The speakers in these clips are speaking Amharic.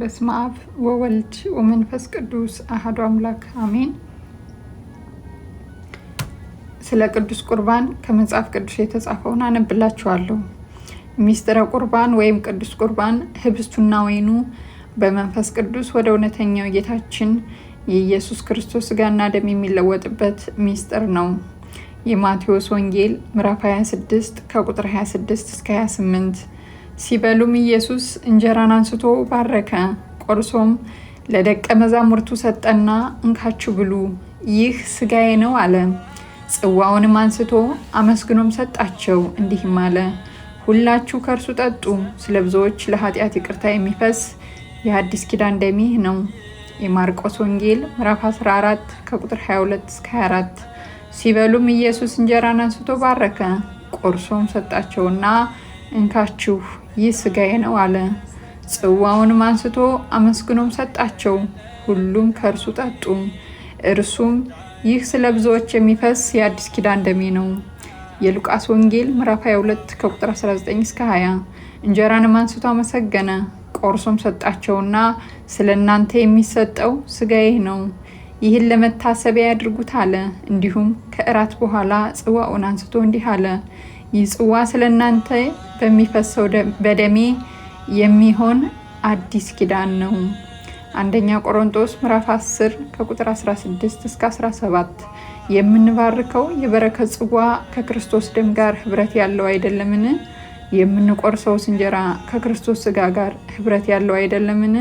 በስመ አብ ወወልድ ወመንፈስ ቅዱስ አሐዱ አምላክ አሜን። ስለ ቅዱስ ቁርባን ከመጽሐፍ ቅዱስ የተጻፈውን አነብላችኋለሁ። ሚስጥረ ቁርባን ወይም ቅዱስ ቁርባን ህብስቱና ወይኑ በመንፈስ ቅዱስ ወደ እውነተኛው ጌታችን የኢየሱስ ክርስቶስ ስጋና ደም የሚለወጥበት ሚስጥር ነው። የማቴዎስ ወንጌል ምዕራፍ 26 ከቁጥር 26 እስከ 28 ሲበሉም ኢየሱስ እንጀራን አንስቶ ባረከ፣ ቆርሶም ለደቀ መዛሙርቱ ሰጠና እንካችሁ ብሉ፣ ይህ ስጋዬ ነው አለ። ጽዋውንም አንስቶ አመስግኖም ሰጣቸው፣ እንዲህም አለ፣ ሁላችሁ ከእርሱ ጠጡ፣ ስለ ብዙዎች ለኃጢአት ይቅርታ የሚፈስ የአዲስ ኪዳን ደሜ ይህ ነው። የማርቆስ ወንጌል ምዕራፍ 14 ከቁጥር 22 እስከ 24። ሲበሉም ኢየሱስ እንጀራን አንስቶ ባረከ፣ ቆርሶም ሰጣቸውና እንካችሁ ይህ ስጋዬ ነው አለ። ጽዋውንም አንስቶ አመስግኖም ሰጣቸው። ሁሉም ከእርሱ ጠጡ። እርሱም ይህ ስለ ብዙዎች የሚፈስ የአዲስ ኪዳን ደሜ ነው። የሉቃስ ወንጌል ምዕራፍ 22 ከቁጥር 19 እስከ 20። እንጀራንም አንስቶ አመሰገነ፣ ቆርሶም ሰጣቸውና ስለ እናንተ የሚሰጠው ስጋዬ ነው፣ ይህን ለመታሰቢያ ያድርጉት አለ። እንዲሁም ከእራት በኋላ ጽዋውን አንስቶ እንዲህ አለ ይህ ጽዋ ስለ እናንተ በሚፈሰው በደሜ የሚሆን አዲስ ኪዳን ነው። አንደኛ ቆሮንቶስ ምዕራፍ 10 ከቁጥር 16 እስከ 17። የምንባርከው የበረከት ጽዋ ከክርስቶስ ደም ጋር ህብረት ያለው አይደለምን? የምንቆርሰውስ እንጀራ ከክርስቶስ ስጋ ጋር ህብረት ያለው አይደለምን?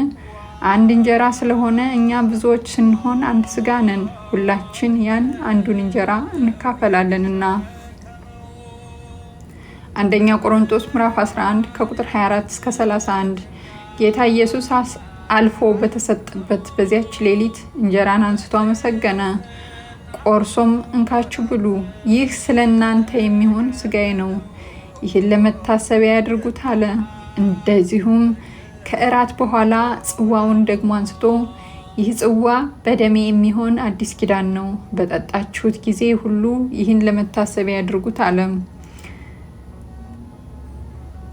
አንድ እንጀራ ስለሆነ እኛ ብዙዎች ስንሆን አንድ ስጋ ነን፣ ሁላችን ያን አንዱን እንጀራ እንካፈላለንና አንደኛ ቆሮንቶስ ምዕራፍ 11 ከቁጥር 24 እስከ 31 ጌታ ኢየሱስ አልፎ በተሰጠበት በዚያች ሌሊት እንጀራን አንስቶ አመሰገነ፣ ቆርሶም እንካችሁ ብሉ፣ ይህ ስለ እናንተ የሚሆን ስጋዬ ነው፣ ይህን ለመታሰቢያ ያድርጉት አለ። እንደዚሁም ከእራት በኋላ ጽዋውን ደግሞ አንስቶ ይህ ጽዋ በደሜ የሚሆን አዲስ ኪዳን ነው፣ በጠጣችሁት ጊዜ ሁሉ ይህን ለመታሰቢያ ያድርጉት አለም።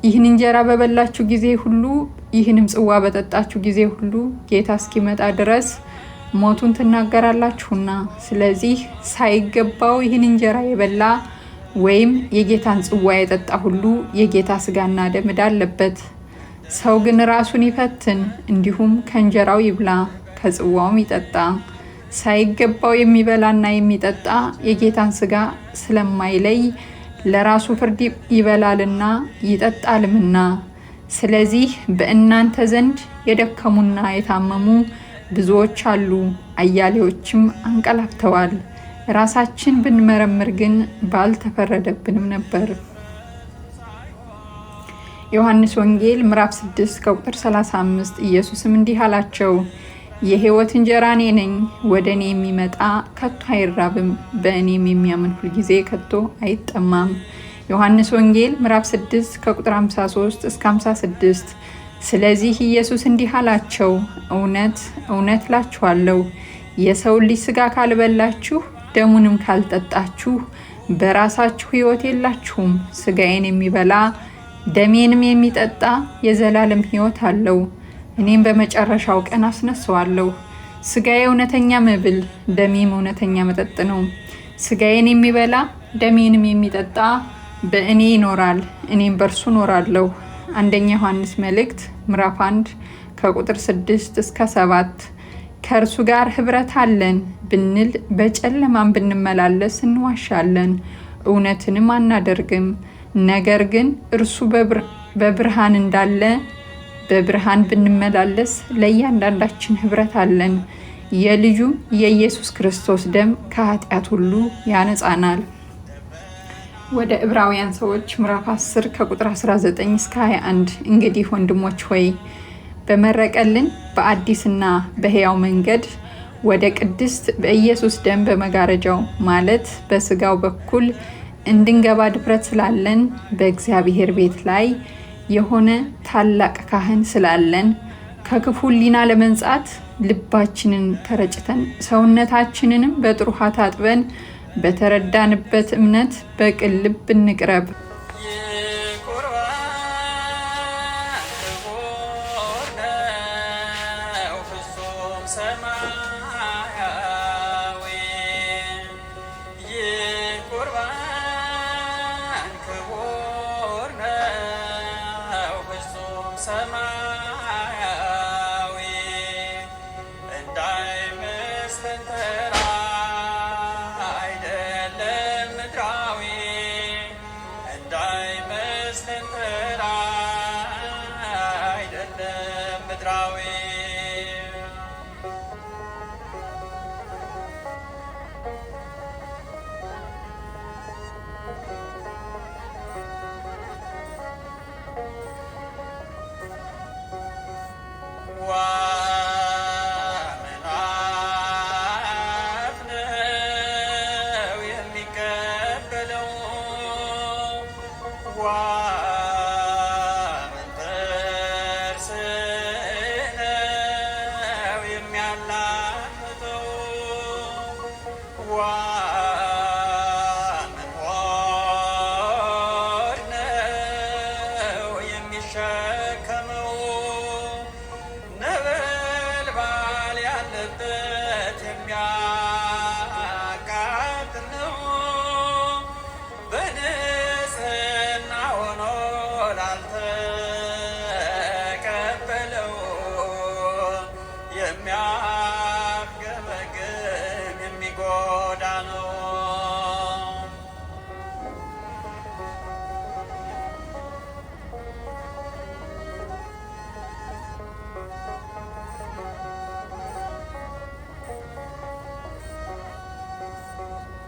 ይህን እንጀራ በበላችሁ ጊዜ ሁሉ ይህንም ጽዋ በጠጣችሁ ጊዜ ሁሉ ጌታ እስኪመጣ ድረስ ሞቱን ትናገራላችሁና፣ ስለዚህ ሳይገባው ይህን እንጀራ የበላ ወይም የጌታን ጽዋ የጠጣ ሁሉ የጌታ ስጋና ደም ዕዳ አለበት። ሰው ግን ራሱን ይፈትን፣ እንዲሁም ከእንጀራው ይብላ ከጽዋውም ይጠጣ። ሳይገባው የሚበላና የሚጠጣ የጌታን ስጋ ስለማይለይ ለራሱ ፍርድ ይበላልና ይጠጣልምና ስለዚህ በእናንተ ዘንድ የደከሙና የታመሙ ብዙዎች አሉ፣ አያሌዎችም አንቀላፍተዋል። ራሳችን ብንመረምር ግን ባልተፈረደብንም ነበር። ዮሐንስ ወንጌል ምዕራፍ 6 ከቁጥር 35 ኢየሱስም እንዲህ አላቸው የህይወት እንጀራ እኔ ነኝ፣ ወደ እኔ የሚመጣ ከቶ አይራብም፣ በእኔም የሚያምን ሁልጊዜ ከቶ አይጠማም። ዮሐንስ ወንጌል ምዕራፍ 6 ከቁጥር 53 እስከ 56። ስለዚህ ኢየሱስ እንዲህ አላቸው፣ እውነት እውነት እላችኋለሁ የሰው ልጅ ስጋ ካልበላችሁ ደሙንም ካልጠጣችሁ በራሳችሁ ህይወት የላችሁም። ስጋዬን የሚበላ ደሜንም የሚጠጣ የዘላለም ህይወት አለው እኔም በመጨረሻው ቀን አስነሳዋለሁ። ስጋዬ እውነተኛ መብል፣ ደሜም እውነተኛ መጠጥ ነው። ስጋዬን የሚበላ ደሜንም የሚጠጣ በእኔ ይኖራል፣ እኔም በእርሱ እኖራለሁ። አንደኛ ዮሐንስ መልእክት ምዕራፍ 1 ከቁጥር 6 እስከ 7። ከእርሱ ጋር ኅብረት አለን ብንል በጨለማም ብንመላለስ እንዋሻለን፣ እውነትንም አናደርግም። ነገር ግን እርሱ በብርሃን እንዳለ በብርሃን ብንመላለስ ለእያንዳንዳችን ህብረት አለን። የልጁም የኢየሱስ ክርስቶስ ደም ከኃጢአት ሁሉ ያነጻናል። ወደ ዕብራውያን ሰዎች ምዕራፍ 10 ከቁጥር 19 እስከ 21 እንግዲህ ወንድሞች ሆይ በመረቀልን በአዲስና በሕያው መንገድ ወደ ቅድስት በኢየሱስ ደም በመጋረጃው ማለት በስጋው በኩል እንድንገባ ድፍረት ስላለን በእግዚአብሔር ቤት ላይ የሆነ ታላቅ ካህን ስላለን ከክፉ ሕሊና ለመንጻት ልባችንን ተረጭተን ሰውነታችንንም በጥሩ ውሃ ታጥበን በተረዳንበት እምነት በቅን ልብ እንቅረብ። ሰማያ Christ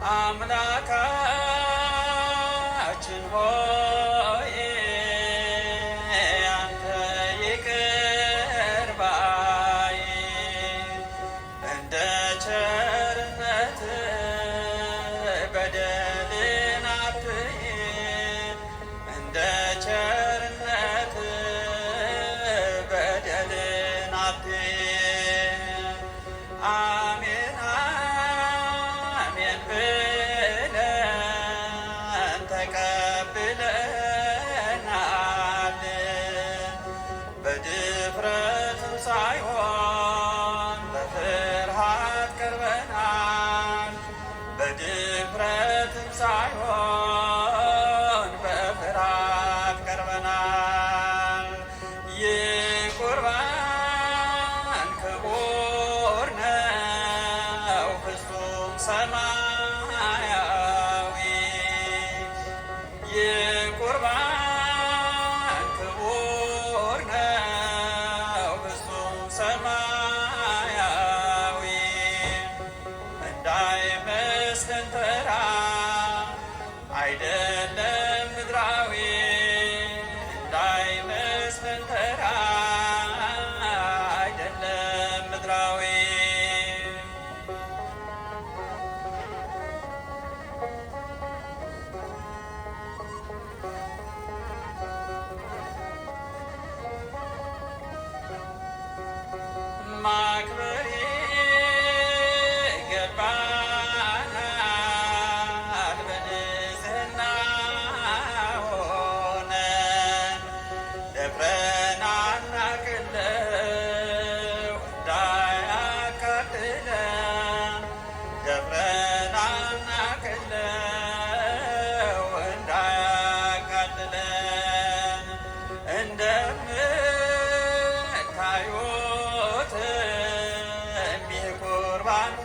አምላካ Japan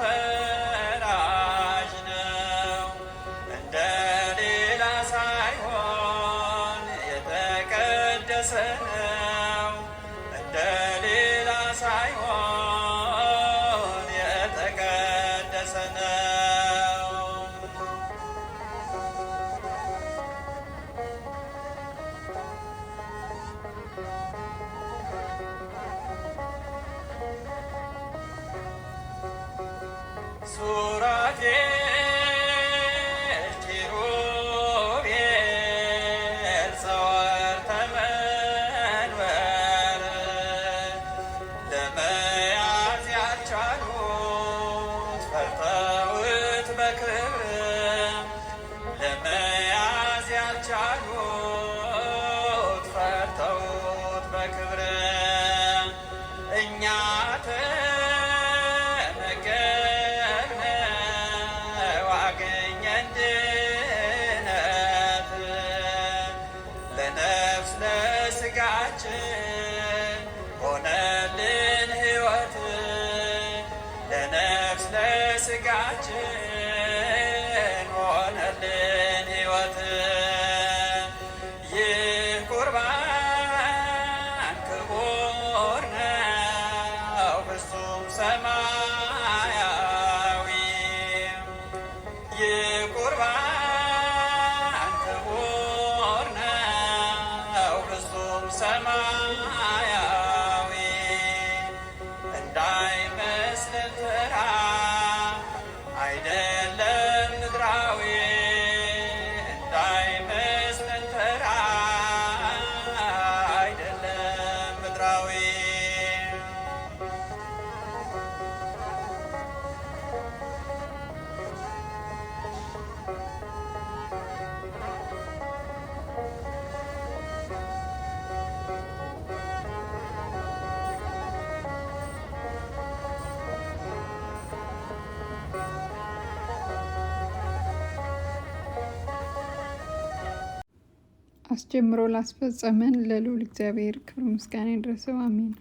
አስጀምሮ ላስፈጸመን ለልዑል እግዚአብሔር ክብር ምስጋና ይድረሰው። አሜን።